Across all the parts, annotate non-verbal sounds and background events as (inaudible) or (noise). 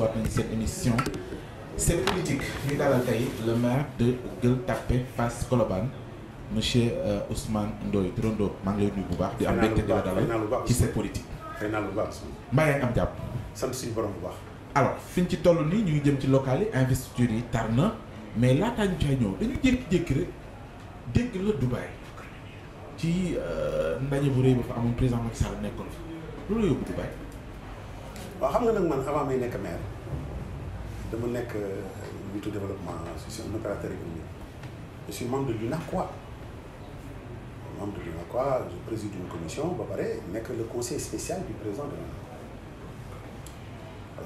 dellusiwaat nañ seen émission c'est politique ñu dalal tey le maire de Gueule Tapée Fass Colobane monsieur euh, Ousmane Ndoye Turando maa ngi lay nuyu bu baax. di am mbégte di la dalal ci c'est politique. xëy naa lu baax mbaa yaa ngi am jàpp. sant suñu borom bu baax. alors fi ci toll nii ñu ngi jëm ci local yi investiture yi tar na mais laataa ñu cay ñëw dañu jékki-jékki rek dégg la Dubaï ci euh, ndaje bu rëy ba fa amoon président Macky nekkoon fi loolu yóbbu Dubaï. waaw xam nga nag man avant may nekk maire. dama nekk euh, nitu développement je suis un opérateur économique je suis membre de l'UNACOIS membre de l'UNACOIS je préside une commission ba pare nekk le conseil spécial du président de l'UNACOIS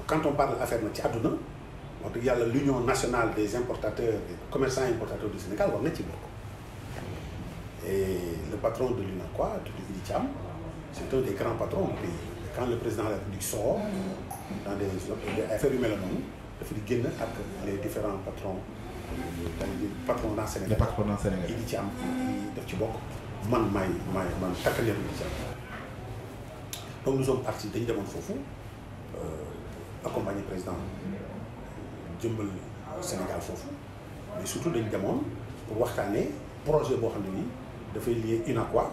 quand on parle affaire na ci àdduna wax dëgg yàlla l'union nationale des importateurs des commerçants importateurs du Sénégal war na ci bokk et le patron de l'UNACOIS tudd Idi Thiam c'est un des grands patrons du quand le président de la République sort dans des affaires yu mel noonu dafa di génn ak les différents patrons tamit di patronat Sénégal patronat Sénégal yi di ci am def ci bokk man maay maay man takkandeer bi di ci am donc nous sommes partis dañu demoon foofu euh, accompagner président jëmbal Sénégal foofu mais surtout dañ demoon pour projet boo xam ne nii dafay lier UNACOIS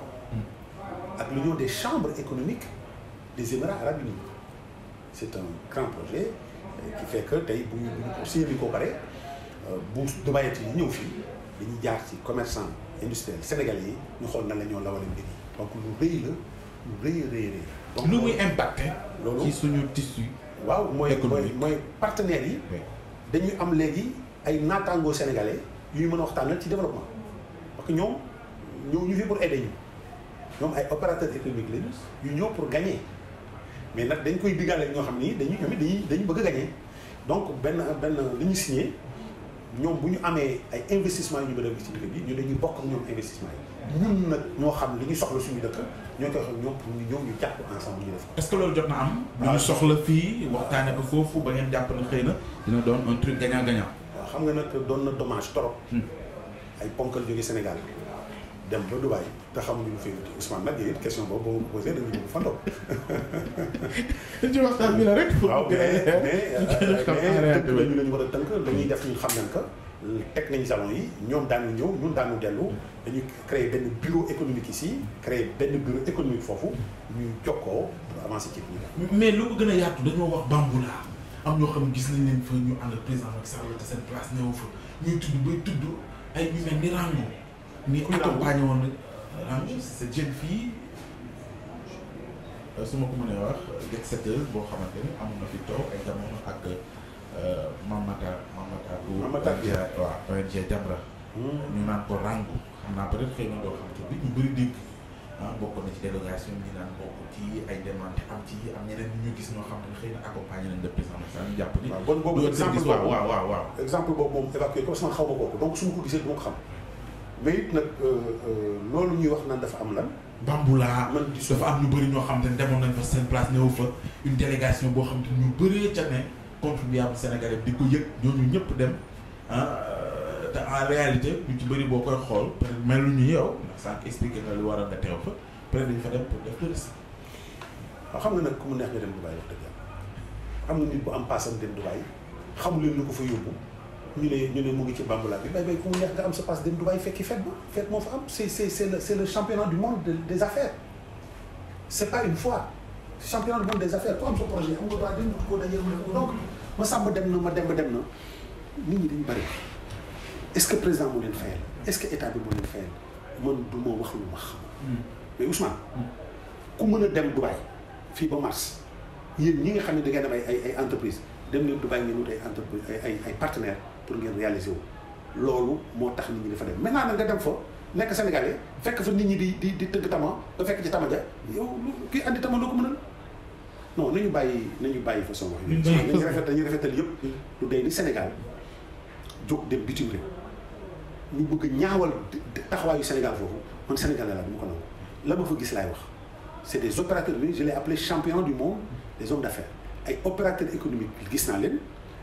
ak l'union des chambres économiques des Émirats arabes unis c'est un grand projet qui fait que tey bu ñu bu ñu ko pare euh, bu Dubaï yi ñëw fii dañuy jaar ci commerçant industriel sénégalais yi ñu xool na la ñoo lawale mbir yi donc lu rëy la lu rëy rëy rëy. donc lu muy impacté. loolu ci suñu tissu. waaw mooy mooy mooy partenaires yi. dañuy am léegi ay naataangoo sénégalais yu ñu mën a waxtaanal ci développement parce que ñoom ñoo ñu fi pour aider ñoom ay opérateurs économiques lañu yu ñëw pour gagner. mais nag dañ koy diggaale ñoo xam ni dañuy ñoom dañuy dañu bëgg a gagné donc benn benn li ñu signé ñoom bu ñu amee ay investissement yu ñu bëgg a def ci dëkk bi ñu dañuy bokk ak ñoom nag xam li ñu soxla suñu dëkk ñoo koy wax ak ñoom pour ñu ñëw ñu jàpp ensemble ñu def est jot na am ah. ñu soxla fii waxtaane ko foofu ba ngeen jàpp na xëy na dina doon un truc gagnant gagnant waaw xam nga nag doon na dommage trop hmm. ay ponkal jóge Sénégal dem ba Dubaï te xamuñu lu fay wuti Ousmane nag yéen question boobu boo ma ko posé dañu bëgg fan la. ci (laughs) waxtaan bi la rek. waaw mais mais euh, tënk nañu la ñu war a tënk lu ñuy def ñun xam nañ que teg nañu salon yi ñoom daanu ñëw ñun daanu dellu dañuy créer benn bureau économique ici créer benn bureau économique foofu ñu jokkoo pour avancer ci biir. mais lu ko gën a yaatu dañoo wax bamboula am ñoo xam gis nañ leen fa ñu ànd président Macky Sall te seen place néew fa ñuy tudd bay tudd ay ñu mel ni Rango. ni ku accompagné woon ah cette jeune fii euh, su ma ko mënee wax dëkk setteuse boo xamante ni amoon na fi toog ay jamono ak euh, Mamata Mamata bu Mamata waaw ONG Jamra hmm. ñu naan ko Rangu xam naa peut-être xëy na doo xam te bi ñu bëri dégg ah bokk na ci délégation bi ñu naan bokk ci ay demande am ci am ñeneen ñu gis ñoo xam ne xëy na accompagné nañ le président Macky Sall jàpp ni. boobu exemple boobu boobu moom ko sànq xaw gisee du ko xam. ba it nag euh, euh, loolu ñuy wax naan dafa am lan. Bamboula dafa am ñu bëri ñoo xam te ne demoon nañ fa seen place ñëw fa une délégation boo xam te ñu bëree ca ne contribuable sénégalais di ko yëg ñooñu ñëpp dem ah euh, te en réalité ñu ci bëri boo koy xool peut-être melu yow ndax sànq expliqué na lu waral nga teew fa peut nga nag ku mu neex nga dem Dubaï wax dëgg yàlla am na nit bu am paasam dem Dubaï xamu leen lu ko fa yóbbu. ñu ne mu ngi ci bambula bi bay bay ku mu neex nga am sa passe dem Dubaï fekki fête ba fête moo fa am c'est c'est c'est le c'est le championnat du monde des affaires c'est pas une fois championnat du monde des affaires ku am am nga droit dem ko dajee donc ma sàmm dem ba dem na nit ñi dañ bëri est-ce que président moo leen fayal est-ce que état bi moo leen fayal man du ma wax lu ma xam hmm. mais Ousmane hmm. ku mën a dem Dubaï fii ba mars yéen ñi nga xam ne da ngeen am ay ay entreprise dem leen Dubaï ngeen wut ay entreprise ay ay ay partenaires pour ngeen réaliser wu loolu moo tax nit ñi dafa dem maintenant nag nga dem fa nekk Sénégalais fekk fa nit ñi di di di tëgg tama nga fekk ci tama ja yow kii andi tama doo ko mënal non nañu bàyyi nañu bàyyi façon wax yi nañu rafet nañu rafetal yëpp mm. lu day ni Sénégal dem bitim ñu bëgg ñaawal taxawaayu Sénégal foofu man Sénégalais la ma ko la ma fa gis laay wax c'est des opérateurs bi je l'ai appelé champion du monde des hommes d'affaires ay opérateurs économiques gis naa leen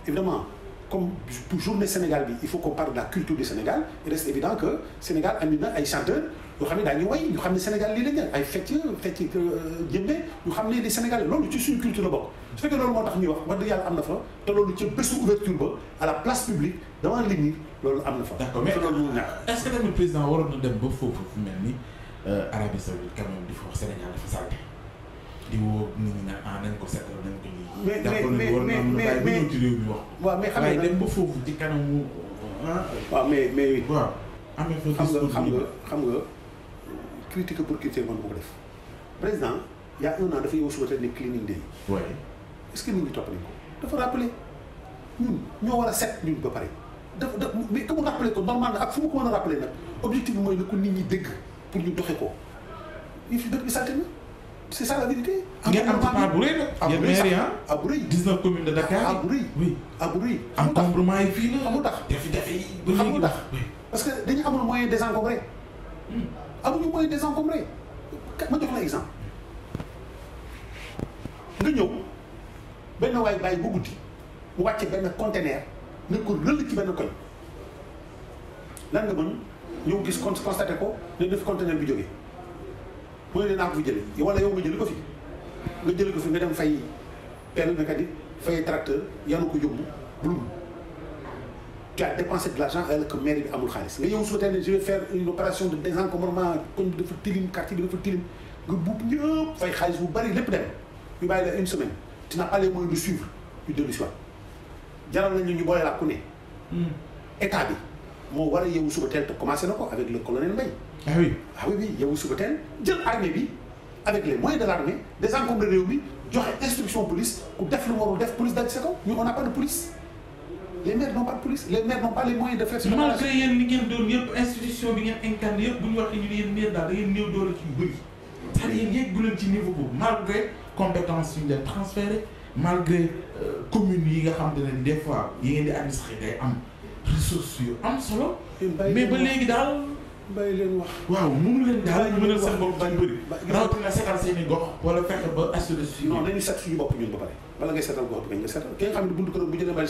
évidemment comme pour journée Sénégal bi il faut qu'on parle de la culture du Sénégal il reste évident que Sénégal andi na ay chanteurs yoo xam ne daañu way ñu xam ne Sénégal lii la ñu ay fecc fecc euh, jëmbe ñu xam ne li Sénégal loolu ci suñu culture la bokk su fekkee loolu moo tax ñuy wax wax dëgg yàlla am na fa te loolu ci bésu ouverture ba à la place publique devant nit loolu am na fa. d'accord mais loolu ñu ñàkk. est-ce que président waroon na dem ba foofu fu mel ni euh, Arabie Saoudite quand même foofu Sénégal di woo nit ñi naan ah nañ ko seetal nañ ko lii. jàppal nañ war nañ lu bàyyi mi wax. ba foofu ci kanamu. Ah. waaw mais mais. waaw amee fa xam nga xam nga xam nga critique pour critiquer man ko def président y' a un an dafa yow souhaité ne cleaning day. oui est nit ñi dafa rappelé ñoo war a set ñun ba pare. dafa dafa mais que ko normal na ak fu mu ko mën a rappelé bi mooy ko nit ñi dégg pour ñu doxe ko yëf fi dëkk bi salté na. c'est ça la vérité. ngeen am part bu rëy nag. yéen maire yi ah bu rëy. 19 communes de Dakar ah bu rëy. oui ah fii la. xamul tax jafe-jafe yi ba léegi xamul tax parce que dañu amul moyen désencombré. Hmm. amuñu moyen désencombré. ma jox la exemple. nga ñëw benn waay bàyyi bu guddi mu wàcce benn conteneur na ko rëll ci benn koñ lan nga mën ñoo gis constaté ko ne def conteneur bi jógee. mu ne de naa ko fi jële wala yow nga jëli ko fi nga jëli ko fi nga dem fay benn mécanique fay tracteur yanu ko yóbbu bulum tu as dépensé de l'argent alors que mairie bi amul xaalis nga yow su te ne je vais faire une opération de désencombrement koñ bi dafa tilim quartier bi dafa tilim nga buub ñëpp fay xaalis bu bari lépp dem ñu bàyyi la une semaine tu n'as pas les moyens suivre ñu dellu si waat jaral nañu ñu boole laa ku ne hmm. état bi moo war a yeewu suba teel te commencé na ko avec le colonel Mbaye. ah oui ah oui oui yeewu suba teel jël armée bi avec les moyens de l' armée désencombré réew mi joxe instruction police ku def lu warul def police daj sa kaw ñu on n'a pas de police. les maires n'ont pas de police les maires n'ont pas les de faire. ce malgré yéen li ngeen doon yëpp institution bi ngeen incarné yëpp bu ñu waxee ñu ne yéen maire daal da ngeen néew doole ci yu bëri. c'est-à-dire leen ci niveau euh, yi nga xam ne des fois yi ressources yu am solo. mais ba léegi daal. bàyyi leen wax waaw mënu leen daal ñu mënal seen bopp bañ bëri. rawatina setal ba assurer suñu. non nañu set suñu bopp ñun ba pare bala ngay setal gox bi nga setal ki xam ne buntu këram bu jëlee bari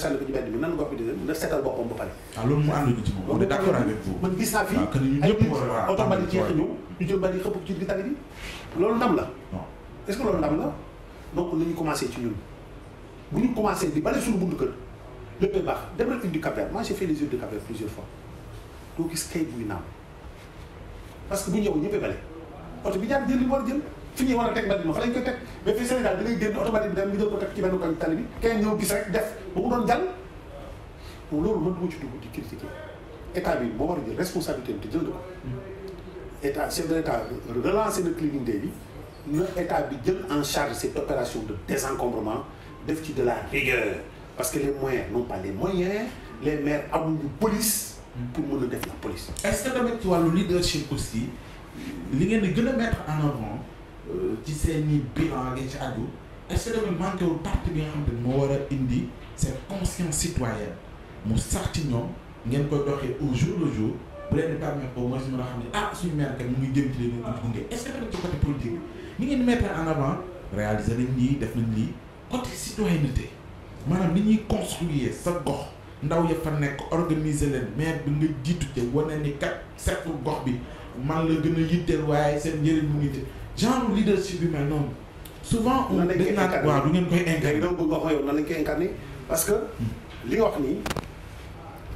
na setal boppam ba pare. waaw ah, loolu mu ànd ci moom. d'accord avec vous man gis naa fi ah, jeex ñëw ñu jël bari xëpp ci tali bi loolu ndam la est loolu ndam la donc nañu commencé ci ñun bu ñu commencé bi bari suñu buntu kër léppay baax demal une du Cap Vert moi plusieurs fois doo gis kayit buy naaw parce que bu yow ñëppay bale oto bi ñaar jël li mu war jël fi ñuy war a teg mbalit ma fa lañ koy teg mais fii Sénégal da ngay génn oto mbalit bi dem ñu jël ko teg ci benn kañ tali bi kenn ñëw gis rek def ba mu doon jàll bon loolu mën duma ci dugg di critiquer état bi moo war a jël responsabilité bi te jël na ko état chef de l'état bi na état bi jël en charge opération de désencombrement def ci de parce que les moyens non pas les moyens les maires amuñu police. pour mën a def la police. est ci wàllu leadership aussi li ngeen di gën a mettre en avant euh, ci seen i bilan ngeen ci àddu est-ce que tamit bi nga xam ne moo war a indi cette conscience citoyenne mu sax ci ñoom ngeen koy doxee au jour le jour bu leen di permettre au moins ñu mën xam ne ah suñu maire kat mu ngi jëm ci leen di gunge est-ce que ci côté politique ni ngeen di en avant réaliser nañ lii def nañ lii côté maanaam ni ñuy construire sa gox ndaw ya fa nekk organiser leen mais bi nga jiitu te wane ni kat seetlu gox bi man la gën a yitteel waaye seen njëriñ mu ngi te genre leadership bi mel noonu. souvent on dañ naa waaw du ngeen koy incarné. donc bëgg wax ma yow nan lañ koy parce que li nga wax nii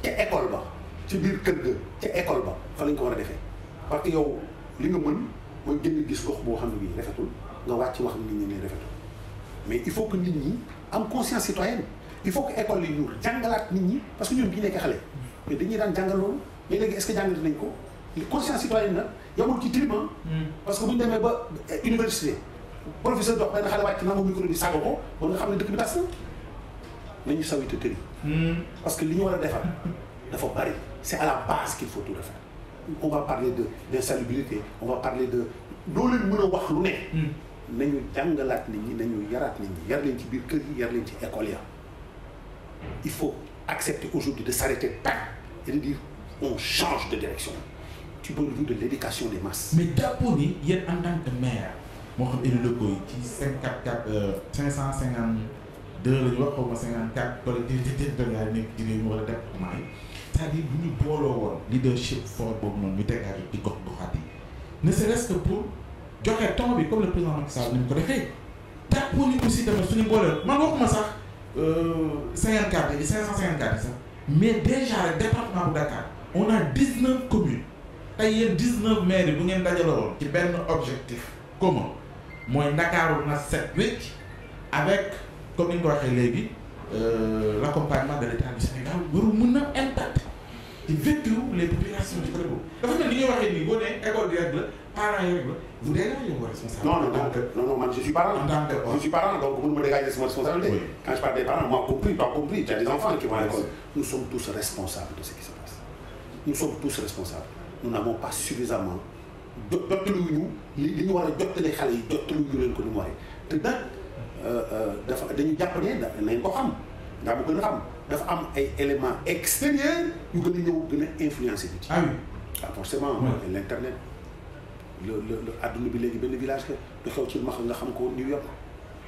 école ba ci biir kër ga ca école ba fa lañ ko war a defee parce que yow li nga mën mooy jën gis gox boo xam ne bii rafetul nga wàcc wax nit ñi ne rafetul mais il faut que nit ñi. am conscience citoyenne il faut que école yi ñu jàngalaat nit ñi parce que ñun bi ñu nekk xale mais dañuy daan jàngal loolu mais léegi est-ce que nañ ko conscience citoyenne nag yamul ci tribun ah. hmm. parce que bu ñu demee ba euh, université professeur dox benn xale wàcc nangu micro ko ba nga xam ne dëkk bi tas na nañu sawite tëri hmm. parce que li ñu war a defar dafa bari c'est à la base qu'il faut tout refaire on va parler de d'insalubrité on va parler de loolu mën a wax lu ne hmm. nañu jàngalaat nit ñi nañu yaraat nit ñi yar leen ci biir kër yi yar leen ci école ya il faut accepter aujourd'hui de s'arrêter tac et de dire on change de direction ci bëriwu de l'éducation des masses mais jàppoo ni yéen en tant que maire moo xam élus locaux ci cinquante quatre euh, cinq cent cinquante deux wax xaw ma cinquante quatre collectivité territoriale nekk ci réew mi wala département yi c'est-à-dire bu ñu booloo woon leadership fort boobu noonu ñu tegaat ci gox goxaat yi ne serait pour joxe temps bi comme le président Macky Sall ko defee tàppu ni aussi tamit suñu boole man waxuma sax euh, cinquante quatre yi cinq cent cinquante quatre sax mais déjà rek département bu Dakar on a dix neuf communes tey yéen dix neuf yi bu ngeen dajaloon ci benn objectif commun mooy Ndakaaru na set wecc avec comme ni nga ko waxee léegi euh, l' accompagnement de l' état du Sénégal waru mën a impact ci vécu les populations du côté boobu dafa mel ni ñuy waxee nii boo nee école la parents yooyu ba vous dégagez vos responsabilités. non non donc non non man je suis parent. en tant que je suis parent donc mënuma dégager sama responsabilité. Oui. quand je parle des parents moi compris pas compris. il y a des enfants qui vont à l'école. nous sommes tous responsables de ce qui se passe nous sommes tous responsables nous n'avons pas suffisamment jot jottaluwuñu li li ñu war a jottali xale yi jottaluwuñu leen ko ni mu waree te nag euh, euh, dafa dañu jàpp ne nañ ko xam ndaa bu gën a xam dafa am ay éléments extérieurs yu gën a ñëw gën a influencer bi. ah oui ah forcément. l'internet. le le le adduna bi léegi benn village que du xew ci max nga xam ko New York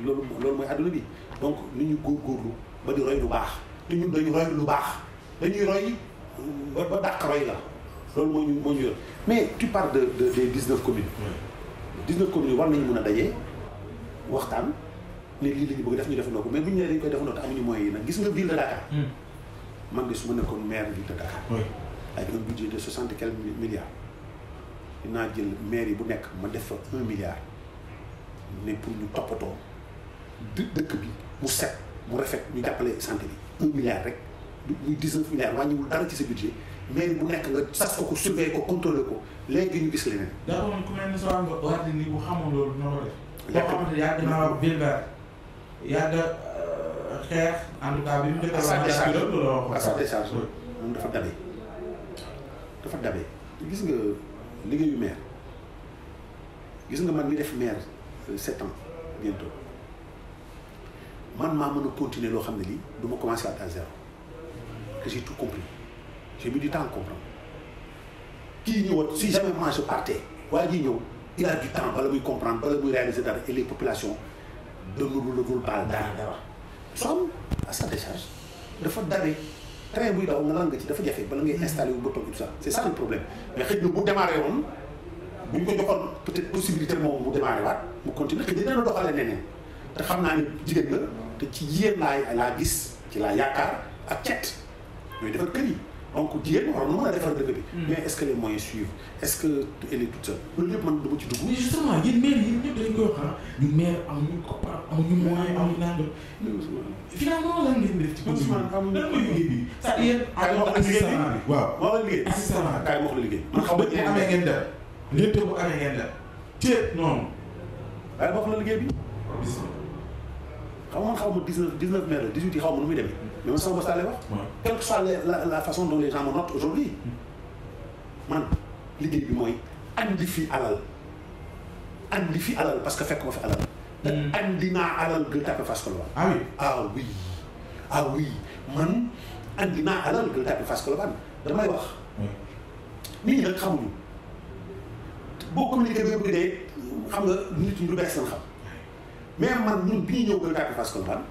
loolu loolu mooy adduna bi donc ni ñu góorgóorlu ba di roy lu baax te ñu dañu roy lu baax dañuy roy ba ba dàq roy la loolu moo ñu moo ñu yor mais tu de de des 19 communes. 19 communes war nañu mën a daje waxtaan ne lii la ñu bëgg def ñu defandoo ko mais bu ñu nee dañu koy defandoo te amuñu moyens yi nag gis nga ville de Dakar. Hmm. man de su ma nekkoon maire ville de Dakar. oui ak un budget de 60 et quelques milliards. dinaa jël mairie bu nekk ma def fa un milliard ne pour ñu toppatoo dëkk bi mu set mu rafet ñu jàppale santé bi un milliard rek muy dix-neuf milliards wàññiwul dara ci sa budget mairie bu nekk nga sas ko ko surveiller ko contrôler ko léegi ñu gis leneen. daa ko ku mel ni soo am nga ordre ni bu xamoon loolu dina ko def. lépp loo xamante yaa dina wax vulgaire yaa da xeex en tout cas bi mu defee. à sa décharge à sa décharge moom dafa dabe dafa dabe gis nga. liggéeyu maire gis nga man mi def maire sept ans bientôt man maa mën a continuer loo xam ne lii duma ma commencer à zéro que j'ai tout compris j'ai du temps à kii ñëwoon si jamais moi je partais waa ji ñëw il a du temps bala muy comprendre bala muy réaliser dara et les population dënnu lu dul baal dara dara. somme à sa décharge dafa dare. train buy daw nga lan nga ci dafa jafe bala ngay installé wu ba toog tout ça c' est ça le problème mais xëy na bu démarré woon bu ñu ko joxoon peut être possibilité moom mu démarré waat mu continuer xëy na dina doxalee neneen te xam naa ne jigéen la te ci yéen laay laa gis ci laa yaakaar ak cet ñooy defar kër donc jigéen waaw nu mën a defar dëkk bi. Hmm. mais est ce que les moyens suivent est ce que elle est toute seule loolu yëpp man dama ci dugg. mais justement yéen maire yéen ñëpp dañ koy wax ah ñu maire amuñu koppar amuñu moyen hmm. amuñu naan hmm, finalement lan ngeen def ci commune bi lan mooy liggéey bi c'est-à-dire. kaay ma wax la liggéey bi waaw ma wax la liggéey. assistance kaay ma wax la liggéey. man xam nga bu amee ngeen dem. lépp bu amee ngeen dem. ceeb noonu. kaay ma wax la liggéey bi. xam nga man xaw ma 19 19 maire la 18 yi xaw ma nu muy demee loolu soo bopp lay wax. quelle soit la la façon dont les gens me notent bi mooy andi fi alal andi fi alal parce que fekk ma fi alal. te mm. andi naa alal bi Tapée Fass Colobane. ah oui ah, ah man andi naa alal Gueule Tapée Fass Colobane damay wax. nit ñi nag xamuñu boo communiqué ba bëgg dee xam nga nit ñi lu bees lañ xam mais man ñun bi ñu ñëw Gueule Tapée Fass Colobane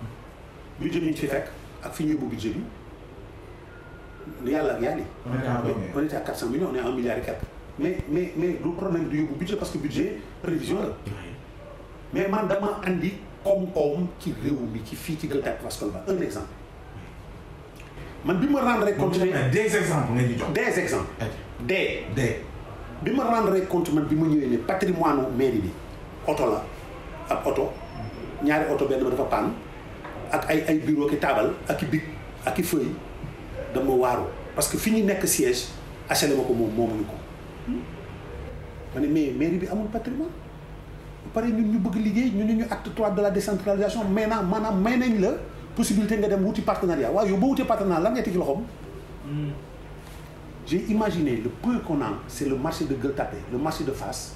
ñu jëm ñu ci fekk. ak fi ñu yóbbu budget bi lu yàlla ak yàlla. on était à 400 millions on yóbbu budget parce que budget prévision la. mais man dama indi koom-koom ci réew mi ci fii ci Gueule Tapée Fass Colobane un exemple. man bi ma rendre compte. des exemples nga ñu jox. des exemples. des. des. bi ma rendre man bi ma ñëwee ne patrimoine mairie bi oto la ab oto ñaari oto benn ma dafa panne. ak ay ay bureau ki taabal ak i bic ak i feuille dama waaru parce que fi ñu nekk siège HLM ko moom moomuñu ko ma ne mais mairie bi amul patrimoine ba pare ñu bëgg liggéey ñu ne ñu acte trois de la décentralisation mais naa maanaam may nañ la possibilité nga dem wuti partenariat waaw yow boo wutee partenariat lan ngay teg loxoom hmm. j'ai imaginé le peu qu'on c'est le marché de Gueule Tapée le marché de Fass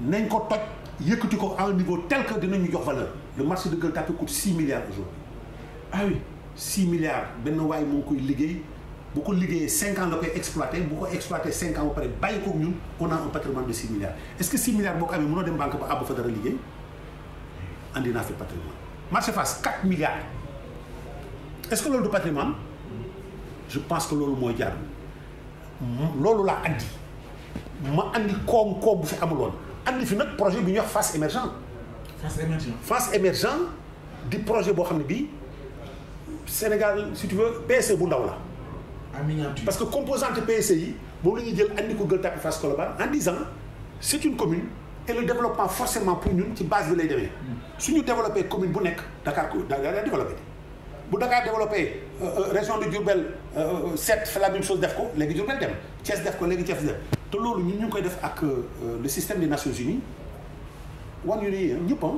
nañ ko toj yëkkati ko à un niveau tel que dinañu jox valeur le marché de Gueule Tapée coûte 6 milliards aujourd'hui ah oui 6 milliards benn waay moo koy liggéey bu ko liggéeyee 5 ans la koy exploité bu ko exploité 5 ans ba pare bàyyi ko ñun on a un patrimoine de 6 milliards est-ce que 6 milliards boo ko amee mënoo dem banque ba àbb fa dara liggéey andi naa fi patrimoine marché Fass 4 milliards est-ce que loolu du patrimoine je pense que loolu mooy jaar loolu laa andi ma fi amuloon andi fi nag projet bi ñuy wax face émergent. face émergent face di projet boo xam ne bii Sénégal si tu veux e bu ndaw la. parce que composante PSE yi moom la jël andi ko Gueule Tapée Fass Colobane en disant c' est une commune te le développement forcément pour ñun ci base bi lay hmm. su ñu développé commune bu nekk Dakar ko Dakar développé bu Dakar développé euh, euh, région de Diourbel euh, sept fa la même chose def ko léegi Diourbel dem Thiès def ko léegi Thiès def. te loolu ñun ñu ngi koy def ak euh, le système des Nations Unies wan yu ne ñëpp ah,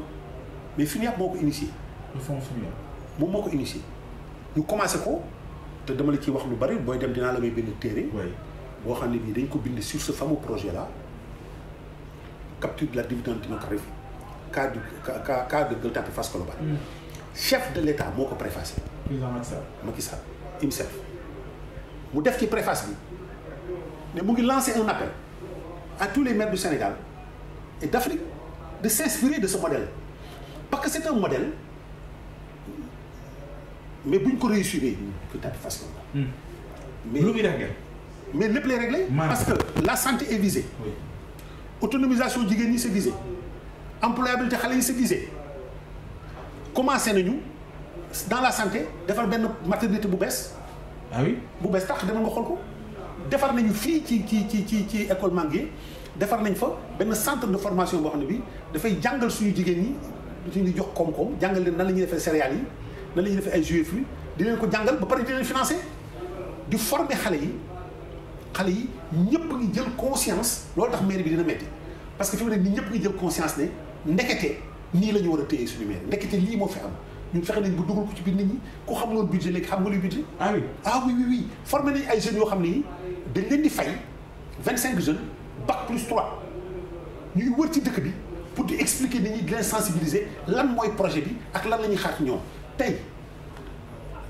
mais FINEAP moo ko initié. le moom moo ko initié ñu commencé ko te dama la ciy wax lu bari booy dem dinaa la may bind téere. boo xam ne bii dañ ko bind sur ce fameux projet là capture de la dividende démographique cas du cas cas de Gueule Tapée Fass Colobane. Mm. chef de l' moo ko préfacé. président sa Sall. Macky Sall himself mu def ci préface bi. mais mu ngi lancer un appel à tous les maires du Sénégal et d'Afrique de s'inspirer de ce modèle parce que c'est un modèle mais bu ñu ko réussir peut-être facile la. Hmm. mais lu muy réglé. mais lépp lay réglé. parce que la santé est visée. autonomisation jigéen ñi c'est visé. employabilité xale yi c'est visé. commencé nañu dans la santé defal benn maternité bu bees. ah oui bu bees tax demal nga xool ko. defar nañu fii ci ci ci ci ci école Mangué defar nañ fa benn centre de formation boo xam ne bi dafay jàngal suñu jigéen ñi suñu jox koom-koom jàngal leen nan la ñuy defee céréales yi nan la defee ay jus fruits di ko jàngal ba pare di leen financer di former xale yi xale yi ñëpp ngi jël conscience loolu tax mairie bi dina metti parce que fi mu ne nii ñëpp ngi jël conscience ne ndekete nii la ñu war a téye suñu mairie ndekete lii moo fi am ñun fexe nañ bu dugal ko ci biir nit ñi ku xamuloon budget léegi xam nga luy budget ah oui ah oui oui ay jeunes yoo xam ne dañ leen di fay vingt cinq jeunes bac plus trois ñuy wër ci dëkk bi pour di expliquer nit ñi di leen sensibiliser lan mooy projet bi ak lan la ñuy xaar ci ñoom tey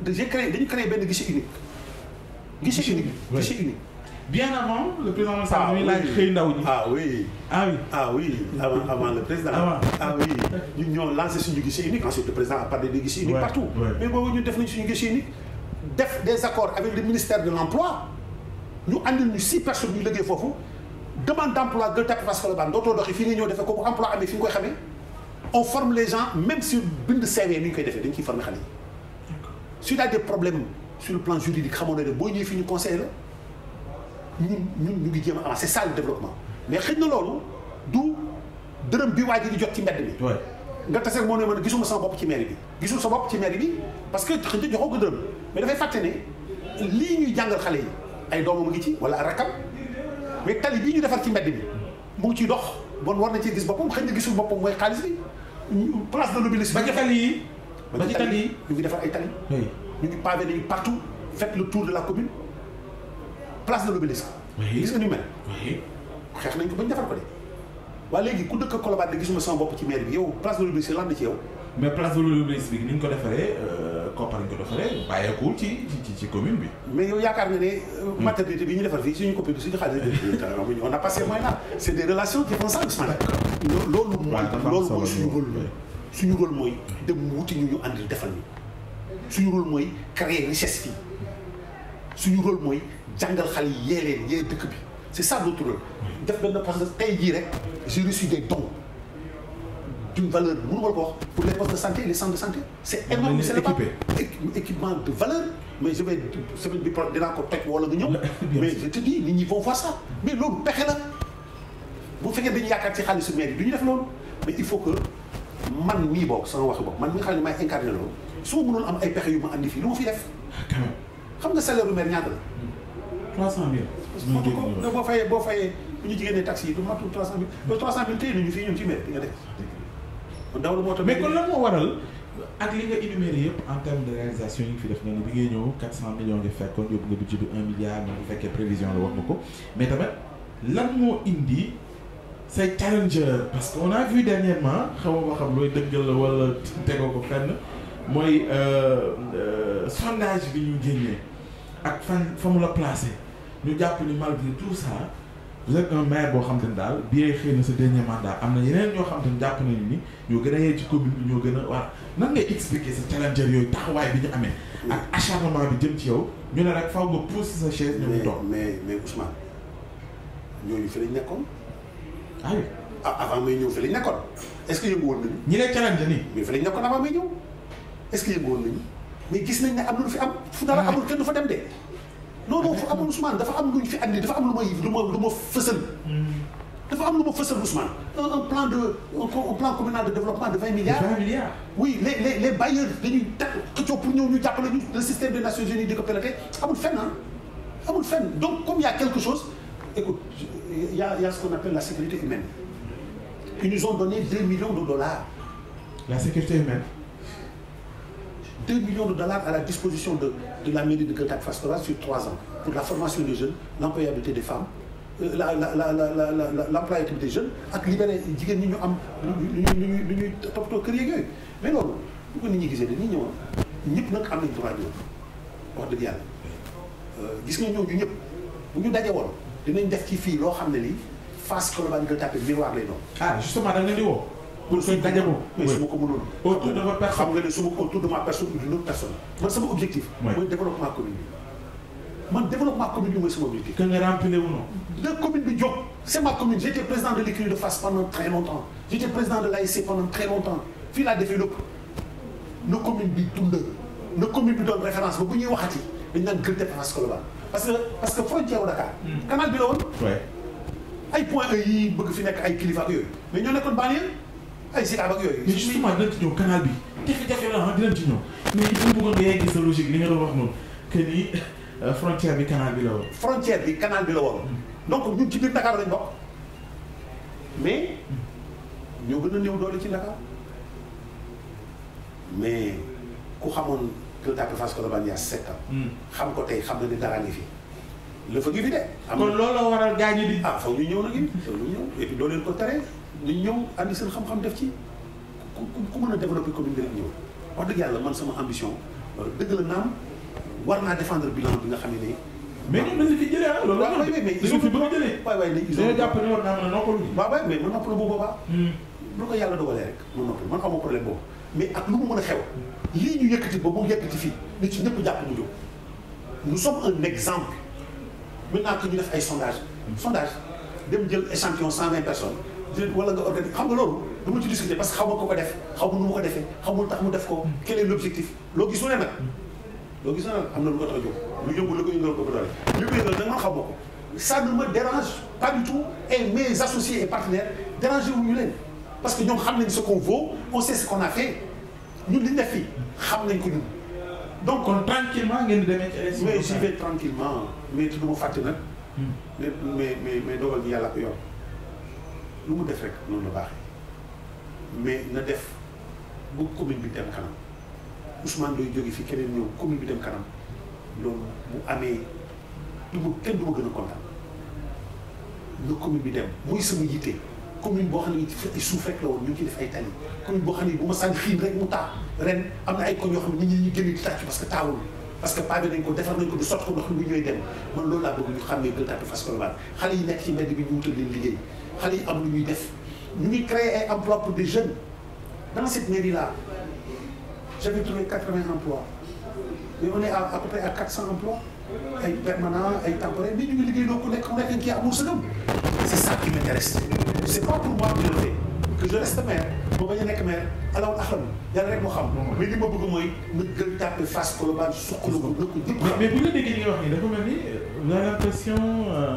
dañu créé dañu créé benn guichet unique. guichet unique bien avant le président Macky ah Sall ah oui ah oui ah oui avant le président. avant ah oui ñun ñoo lancé suñu guichet unique ensuite le président a parlé de guichet unique partout. mais boobu ñun def nañ suñu guichet unique def des accords avec le ministère de l' ñu andil ñu six personnes ñu liggéey foofu demande d' emploi Gueule Tapée Fass Colobane dootoo doxi fii nga ñëw defee ko bu emploi amee fi nga koy xamee on forme les gens même si bind CV ni ñu koy defee dañ ciy former xale yi. su daa des problèmes sur le plan juridique xamoon na ne boo ñëwee fi ñu conseillé la ñun ñun ñu ngi jéem a avancer c' est ça le développement mais xëy na loolu du dërëm bi waa ji jot ci mbedd mi. nga tase ak moo ne man gisuma sama bopp ci mairie bi. gisul sa bopp ci mairie bi parce que xëy na mais dafay fàtte lii ñuy jàngal xale yi. ay doomam ngi ci wala rakam mais tali bii ñu defar ci mbedd bi mu ngi ciy dox bon war na cee gis boppam xëy na gisul boppam mooy xaalis bi place de l'Obélisque ba ci tali yi ba ci tali ñu ngi defar ay tali ñu ngi pavé partout faites le tour de la commune place de l'Obélisque gis nga ñu mel xeex ko bañ defar ko de waaye léegi ku dëkk Colobane de gisuma sama bopp ci maire bi yow place de l'Obélisque lan na ci yow mais place de l'Obélisque bi ni ñu ko defaree euh, koppar ñu ko defaree bàyyeekul ci ci ci commune bi. mais yow yaakaar nga ne. Euh, maternité bi ñu defar fii suñu copie bi suñu xaalis bi. on a passé moyen âge. c' est des relations qui font ça Ousmane. loolu mooy loolu mooy suñu rôle mooy dem wuti ñu ñu àndil defal ñu suñu rôle mooy créer richesse fii suñu rôle mooy jàngal xale yi yee leen yee dëkk bi c' est ça notre rôle. def benn parce que tey jii rek j'ai reçu des dons. d'une valeur mënu ma ko wax pour les postes de santé et les centres de santé. c'est énorme c'est équipement de valeur mais je vais semaine bi prochaine dinaa ko toj wala nga ñëw. (laughs) mais je te dis nit ñi vont voir ça. mais loolu pexe la bu fekkee dañu yaakaar ci xaalisu mairie du ñu def loolu mais il faut que man mii bokk sama waxi bopp man mi nga xam ne maay incarné loolu su ma mënoon am ay pexe yu ma andi fii lu ma fi def. Ah, xam nga salaire bu maire ñaata la. 300000. ñu génn ñu boo fayee boo fayee bu ñu jigéen ne taxi yi du matul 300000. loolu 300000 téye nañu fii ñun ci maire bi nga def. ndaw la moo tax mais kon lan moo waral ak li nga énuméré yëpp en termes de réalisation yi fi def nga ne bi ngay ñëw 400 millions nga fekkoon yóbbu nga budget bi 1 milliard même bu fekkee prévision la wax nga ko mais tamit lan moo indi say challenger parce que on a vu dernièrement xaw ma xam looy dëggal la wala tegoo ko fenn mooy euh, euh, sondage bi ñu génnee ak fan fa mu ñu jàpp ni malgré tout ça. vous êtes maire boo xam te ne daal bien xëy na sa dernier mandat am na yeneen ñoo xam te ne jàpp nañu ni ñoo gën a yee ci commune bi ñoo gën a war nan ngay expliquer sa challenger yooyu taxawaay bi ñu amee. ak acharnement bi jëm ci yow ñu ne rek faw nga pousse sa chaise. ñu ngi toog mais mais Ousmane ñooñu fi lañ nekkoon. ah oui avant may ñëw fi nekkoon est-ce woon nañu. ñi lay challenger nii. mais fi lañ nekkoon avant may ñëw est-ce que yëngu woon nañu mais gis nañ ne am na fi am. fu dara ah amul kenn du fa dem de. non non amul Ousmane dafa am luñ fi andi dafa am lu may hmm. dafa am lu ma fësal Ousmane. un plan de un plan communal de développement de vingt milliards. vingt milliards. oui les les les bailleurs dañuy teg xëccoo pour ñëw ñu jàppale ñu le système des Nations Unies di ko piloté amul fenn ah amul fenn donc comme y' a quelque chose écoute y' a ce qu'on appelle la sécurité humaine. ils nous ont donné deux millions de dollars. la sécurité humaine. deux millions de dollars à disposition de. de la mairie de Gueule Tapée Fass Colobane sur trois ans pour la formation des jeunes l'employabilité des femmes euh, la la la la la l'employabilité des jeunes ak libéré jigéen ñi ñu am lu ñuy lu ñuy lu ñuy toppatoo kër yeeg yooyu mais loolu bu ko nit ñi gisee dañuy ñëwoon ñëpp nag am nañ droit bi wax dëgg yàlla euh, gis nga ñooñu ñëpp bu ñu daje woon dinañ def ci fii loo xam ne lii Fass Colobane Gueule Tapée miroir lay doon. ah justement da nga leen di woo. pour suñ daje moom. mais su ma ko mënoon. Oh, autour de votre personne xam nga ne su ma autour de ma personne ou d'une autre personne. man sama objectif. mooy développement commune bi. man développement commune bi mooy sama objectif. que nga remplir wu noonu. la commune bi jóg. c' est ma commune j' étais président de l'écurie de Fass pendant très longtemps j' étais président de l'ASC pendant très longtemps fii laa defee lépp na commune bi dund na commune bi doon référence ba bu ñuy waxati dañ naan gën dépense Colobane parce que parce que frontière u Dakar. Hmm. canal bi la woon. ay point E yi bëgg fi nekk ay kilifa ak yooyu mais ñoo nekkoon banlieue ay Zidane ak yooyu. mais justement dinañ ci ñëw canal bi jafe-jafe la ah dinañ ci ñëw mais il faut bëggoon nga yegg sa logique wax noonu que ni euh, frontière bi canal bi la woon. frontière bi canal bi la woon. donc ñun ci biir Dakar lañ mais ñoo gën a néew doole ci Dakar mais ku xamoon Gueule Tapée Fass Colobane yaa sept hmm. xam ko tey xam na ni dara ngi fi. la fa ngi fi de. am loolu la waral gaañu di. ah foog ñu ñëw nag it loolu ñëw et puis ko tere. ñu ñëw andi seen xam-xam def ci ku ku mën a développer commune bi rek ñëw wax dëgg yàlla man sama ambition euh, dëgg la naam war naa défendre bilan bi nga xam ne mais ñun dañu fi jëlee ah loolu la ñu. waaw mais ils ont fi bëgg a jëlee. waay waay dañuy dañoo jàpp ne war naa mën a noppalu. waaw waay mais ma noppalu bu boobaa. bu hmm. ko yàlla dogalee rek ma noppalu man amoo problème boobu mais ak lu mu mën a xew. lii ñu yëkkati ba mu yëkkati fii nit ci ñëpp jàpp mu jóg. nous sommes un exemple maintenant que ñu def ay sondage sondage dem jël échantillon cent vingt personnes. wala nga organiser xam nga loolu du ma ci discuter parce que xaw ma ko ko def xaw ma nu ma ko defee xaw ma tax mu def ko hmm. quel est l' objectif loo gisu ne nag hmm. loo gisu ne am na lu ko tax a jóg lu la ko yëngal ko doole li ko yëngal nag man xam ma ko ça ne me dérange pas du tout parce que ñoom xam nañ sa qu'on vaut on sait ce qu'on a fait ñun li ñu fii xam nañ ko ñun donc kon tranquillement ngeen di demee ci élection mais j'y vais tranquillement mais du ma fàtte nag hmm. mais mais mais dogal bi yàlla ko yor lu mu def rek noonu la baaxee mais na def bu commune bi dem kanam Ousmane looy jóge fii keneen ñëw commune bi dem kanam loolu bu amee du ma kenn du ma gën a commune bi dem mooy sama yitte commune boo xam ne ñu ngi ciy def ay tali commune bu ma sànni xiin rek mu taa ren am na ay koñ yoo xam ne nit ñu génn di tàcc parce que taawul parce que paa nañ ko defar nañ ko du sot ko ndox mi ñooy dem man loolu laa bëgg ñu xam ne Gueule Tapée Fass Colobane xale yi nekk ci mbedd bi ñu wutal leen liggéey xale yi am lu ñuy def ñu ngi créer ay emplois pour des jeunes dans cette mairie là j'avais trouvé quatre-vingts emplois mais on est à à peu près à quatre cents emplois ay permanents ay temporaires mais ñu ngi liggéey donc ku nekk ku nekk kii amul sa gëm c'est ça qui m'intéresse c'est pas pour moi de que je reste maire moo bañ a nekk maire alaw axam ah, yàlla rek moo xam mais li ma bëgg mooy na gën tàppe face Colobane suqalako mais bu nga déggee li la l'impression euh,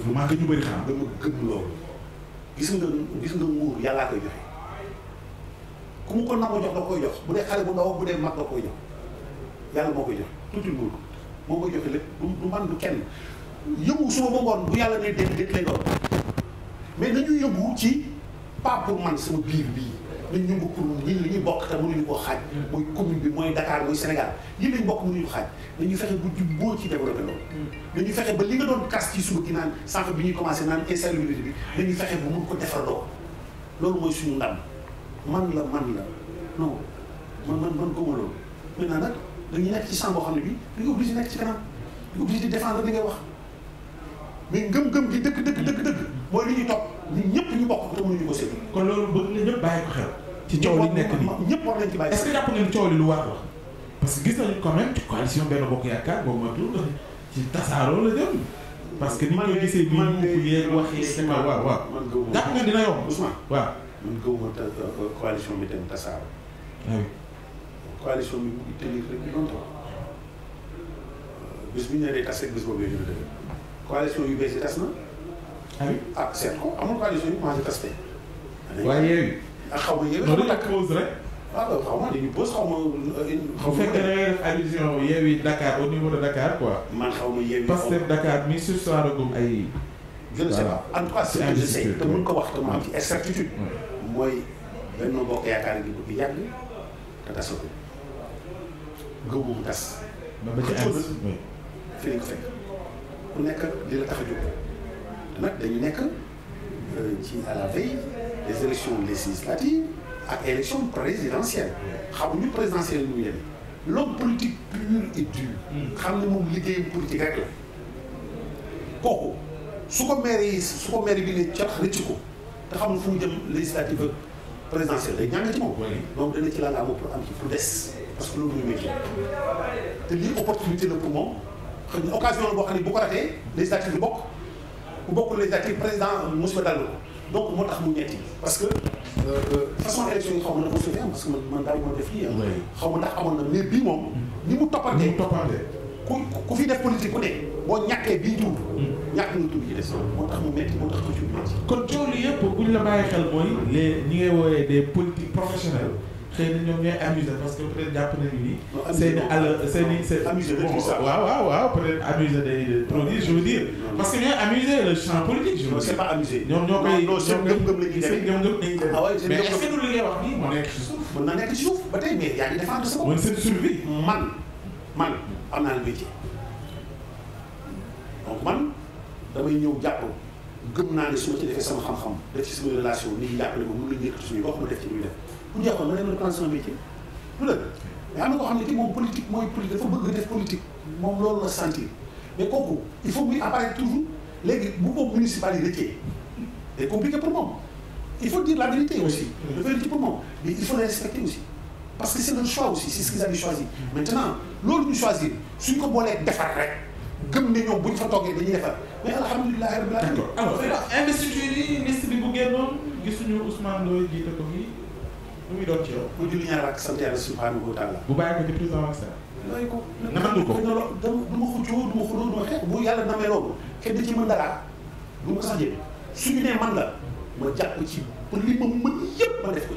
dafa manqué ñu bëri xam dama gëm loolu gis nga gis nga nguur yàllaa koy joxe ku mu ko nangu jox da koy jox bu dee xale bu ndaw bu dee mag da koy jox yàlla moo koy jox tuuti nguur moo koy joxe lépp du man du kenn yëngu suba ba ngoon bu yàlla ne déet déet lay mais nañu yëngu ci pas pour man sama biir bii duñ yëngu pour ñun li ñu bokk te mënuñu koo xaaj mooy mm. commune bi mooy Dakar mooy Sénégal ñun lañ bokk mënuñu ko xaaj nañu fexe bu jub ci développé loolu mm. li nga doon kas ci suba gi naan sànq bi ñuy commencé naan insalubrité bi nañu fexe bu mun ko defardoo loolu mooy suñu ndam man la man la non man man man gëma loolu maintenant nag dañuy nekk ci champ boo xam ne bi da nga obligé nekk ci kanam da nga obligé di li ngay wax mais ngëm-ngëm gi dëkk dëkk dëkk dëkk mooy li ñuy topp li ñëpp ñu bokk te mënuñu ko séddu. kon loolu bëgg na ñëpp bàyyi ci coow li nekk nii ñëpp nañ ci bàyyi est-ce que que gis nañu quand même ci coalition benn bokk yaakaar boobu mooy tur ci tasaaroo la jëm. parce que ni ñu koy gisee. man de man de yéen wax yi waaw waaw waaw. jàpp nga dina yomb Ousmane waaw. man ah mu ngi tenir euh, tas rek bis boobu yëngu na yu bees yi tas na. ah seet ko amul coalition yu mangé testé waaye yéen ah, xaw ma yéen ah, xaw ma euh, euh, dañu pause xaw ma bu fekkee da yeewi Dakar xaw ma yeewi parce que Dakar mi sursoiragum ay je ne sais pas en tout cas ko wax te mu am ci exactitude mooy Benno fi yàgg te fekk ku nekk li la tax a te nag dañu nekk euh, ci à la veille des élections législatives ak élections présidentielles xamuñu présidentielle ñu yene l'homme politique pur et dur xam ne moom liggéeyam politique rek la kooku su ko maire yi su ko maire bi ne cax rëcc ko te xam ne fu mu jëm législative ak présidentielle day ñàng ci moom donc dana ci laa nga am pour am ci pour des parce que loolu muy métier te lii opportunité la pour moom xëy na occasion la boo xam ne bu ko ratee législative bi bokk ku bokk législative président musiba dal ko donc moo tax mu ñetti parce que euh, euh, façon élection yi xaw ma na ko suñu am parce que man man daañu ma xaw ma amoon na mais bii moom ni mu toppatee mu toppatee ku ku fi def politique ku ne boo ñàkkee bii tuur hmm. ñàkk nga tuur yi des moo tax mu metti moo tax ko ci metti kon coono yëpp buñ la bàyyi xel mooy les ñi ngay wooyee des politiques professionnelles xëy na ñooy amusé parce que peut jàpp nañu ni. seen i seen i seen. amusé de waaw waaw waaw peut être amusé des produits je parce que ñooy amusé la ñuy def ñoom ah mais est-ce que du li ngay wax nii moo nekk ci suuf. na nekk ci suuf ba tey mais yaa ngi défendre sa bopp. man man am naa la métier donc man damay ñëw jàpp. gëm naa ne su ma ci defee sama xam-xam def ci sama relation nit ñi jàppale ma mën nañu yëkkati suñu gox mu def ci lu def bu jeexoon nga dem reprendre son métier du dëgg mais am na koo xam ne ki moom politique mooy politique dafa bëgg def politique moom loolu la sentir mais kooku il faut muy apparaître toujours léegi bu ko municipal yi rëccee c'est compliqué pour moom il faut dire la vérité aussi la vérité pour moom mais il faut les respecter aussi parce que c'est notre choix aussi c'est ce qu'ils avaient choisi maintenant loolu ñu choisir suñ ko boolee defar rek gëm ne ñoom bu ñu fa toggee dañuy defar mais alhamdulilah rabbil alamin alors investiture yi liste bi bu génnoon gisuñu Ousmane Ndoye jiite ko muy doon ci yow. ku julli ñaar ak sant yàlla bu bàyyi ko ci président Macky Sall. looy ko na man ma ko sax jël suñu man la ma jàpp ci ba li ma mën yëpp ma def ko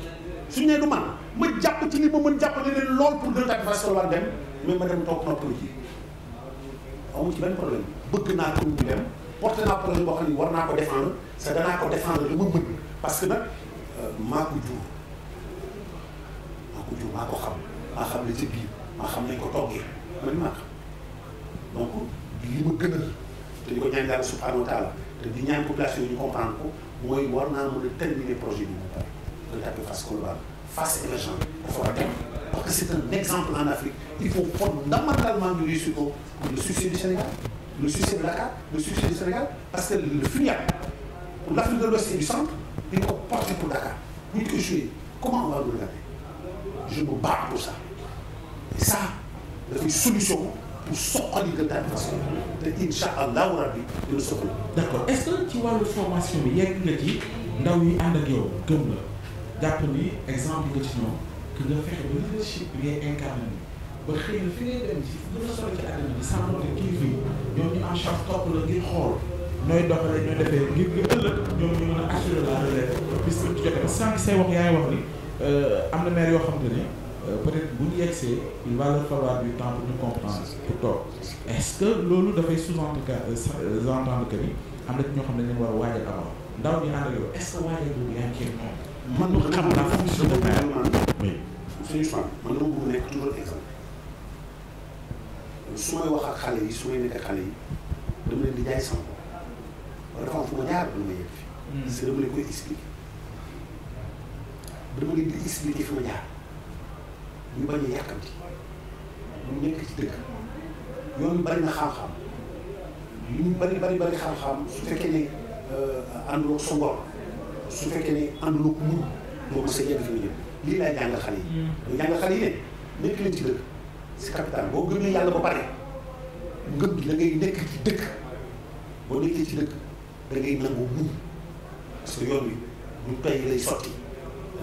suñu nee du man ma jàpp ci li ma mën jàpp ne leen lool pour gën a tàggat solo soo dem mais ma dem toog noppalu ji amu ci benn problème bëgg naa ko ñu dem porté naa problème boo naa ko défendre sa danaa ko défendre li ma mën parce que nag euh, maa ko jur ko jur maa ko xam maa xam la ci maa xam nañ ko toggee man maa xam donc li ma gën a te di ko ñaan yàlla subhanahu wa taala te di ñaan population yi ñu comprendre ko mooy war naa mën a terminer projet bi mu pare de taper face Colobane face émergent dafa a dem parce que c' un exemple en Afrique il faut fondamentalement ñu réussir ko le succès du Sénégal le succès de Dakar le succès du Sénégal parce que le FRIAC pour l' Afrique de je me bats pour ça et ça dafay solution pour soqali de telle façon te incha allahu rabbi dina soxla. d' accord est ce que ci wàllu formation bi yegg nga ci ndaw yi ànd ak yow gëm la jàpp ni exemple nga ci ñoom que nga fexe ba leadership bi ngay incarné ba xëy na fi ngay dem ci gën bi sàmm te kilifa yi ñoom ñu en charge topp la ngir xool nooy doxalee ñooy defee ngir nga ëllëg ñoom ñu mën a assurer la relève bis bu jotee ba sànq say wax yaay wax ni. Euh, am na maire yoo xam ne euh, peut-être bu ñu yegsee il va leur falloir du temps pour comprendre pour toog est loolu dafay sous-entendre que euh, ñoo xam ne dañu war a waajal avant ndaw ñu ànd yow est-ce que waajal boobu yaa su may wax ak xale yi su may nekk xale yi dama leen di jaay sama bopp wala fu ma jaar ba ma yegg fi. dama leen di expliquer fi ma jaar ñu bañ a yàkkamti ñu nekk ci dëkk yoon bari na xam-xam lu ñu bari bari bari xam-xam su fekkee ne euh, ànduloo sa ngor su fekkee ne ànduloo ku mun doo mos a yegg fi nga jëm lii laay jàngal xale yi. ñu hmm. jàngal xale yi ne nekk ci dëkk si capital boo gëmee yàlla ba pare ngëm gi da nekk ci dëkk boo nekkee ci dëkk da ngay nangu muñ yoon wi du tey lay sotti.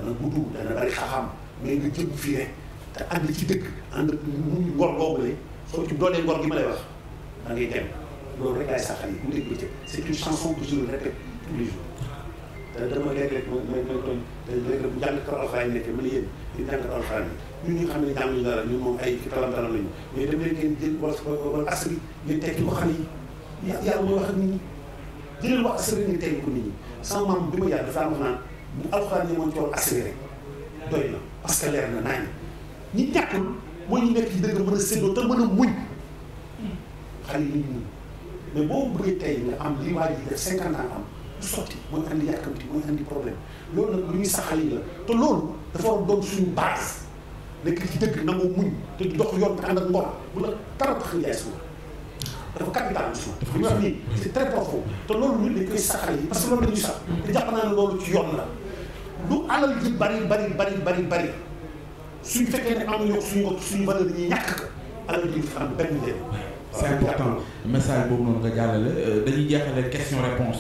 dana gudd dana bari xam mais nga jëm fii rek te ànd ci dëkk ànd mu ngor boobu ci doolee ngor gi lay wax da ngay dem loolu rek laay yi bu dégg bëccëg c'est une chanson que je le répète tous les jours bu jàngkat alxuraan nekkee ma ne yéen yéen jàngkat alxuraan yi ñun ñi moom ay ci talam-talam lañu mais dem ngeen jël wala wala asri ngeen tekki ko xale yi yàlla mooy wax ak nit ñi jëlal wax asri tekki ko nit ñi sama maam bi ma yar dafa am wax bu alxuraan yemoon ci wàllu accéléré na parce ñi ñàkkul mooy ñu a séddoo te mën boo bëggee tey nga am li waa ji def cinquante am du sotti loolu lu ñuy saxal yi la te loolu dafa war doon suñu base nekk ci dëgg nangu muñ te di dox yoon te ànd ak ngor bu la dara tax nga jaay suba dafa capital suma dafa ñu wax nii c'est très te loolu ñun dañ koy saxal yi parce que loolu la sax te jàpp naa ne loolu ci yoon la du alal ji bari bari bari bari bari suñ fekkee ne am na suñu suñu valeur dañuy ñàkk ko alal ji am benn njëriñ. c'est important message boobu noonu nga jàllale euh, dañuy jeexale question réponse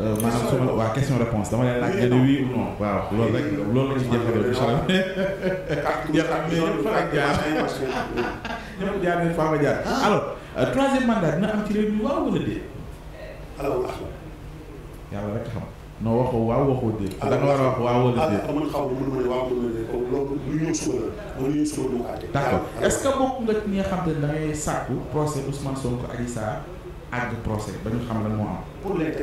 euh, maanaam suma waa question réponse dama lay laaj nga ne oui ou non waaw loolu rek loolu la ñuy jeexale incha allah jaar (laughs) nañ faa ah. euh, mandat dina am ci réew mi waaw wala déet. alors yàlla rek xam. non waxoo waaw waxoo déet. Ah, da nga war a wax waaw wala ah, déet. Ah, man xaw la man que bokk nga ci ñi xam ne da sàkku procès Ousmane Sonko Adji Sarr àgg procès ba ñu xam lan moo am. pour leeral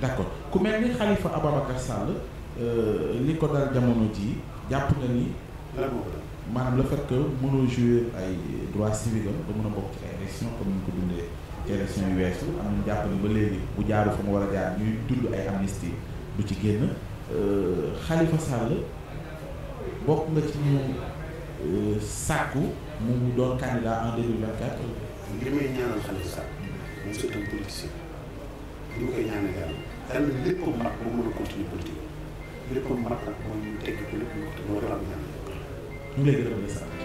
déglu ku mel ni Khalifa Ababacar Sall li euh, ko dal jamono jii jàpp na ni maanaam le fait que mënoo jouer ay droit civique ba mën a bokk ci ay élection comme ñu ko dundee ci yu weesu am nañu jàpp ba léegi bu jaaru fa mu war a jaar ñuy dund ay amnistie du ci génn euh, Khalifa Sall bokk nga ci ñu euh, sàkku mu doon candidat en 2024 li may ñaanal Khalifa Sall moom c'est un politicien li koy ñaanal yàlla yàlla léppam mat ba mën a continuer politique léppam mat nag mooy ñu teggi ko lépp ñu te loolu la am ñaan ñu ngi lay gërëm di sant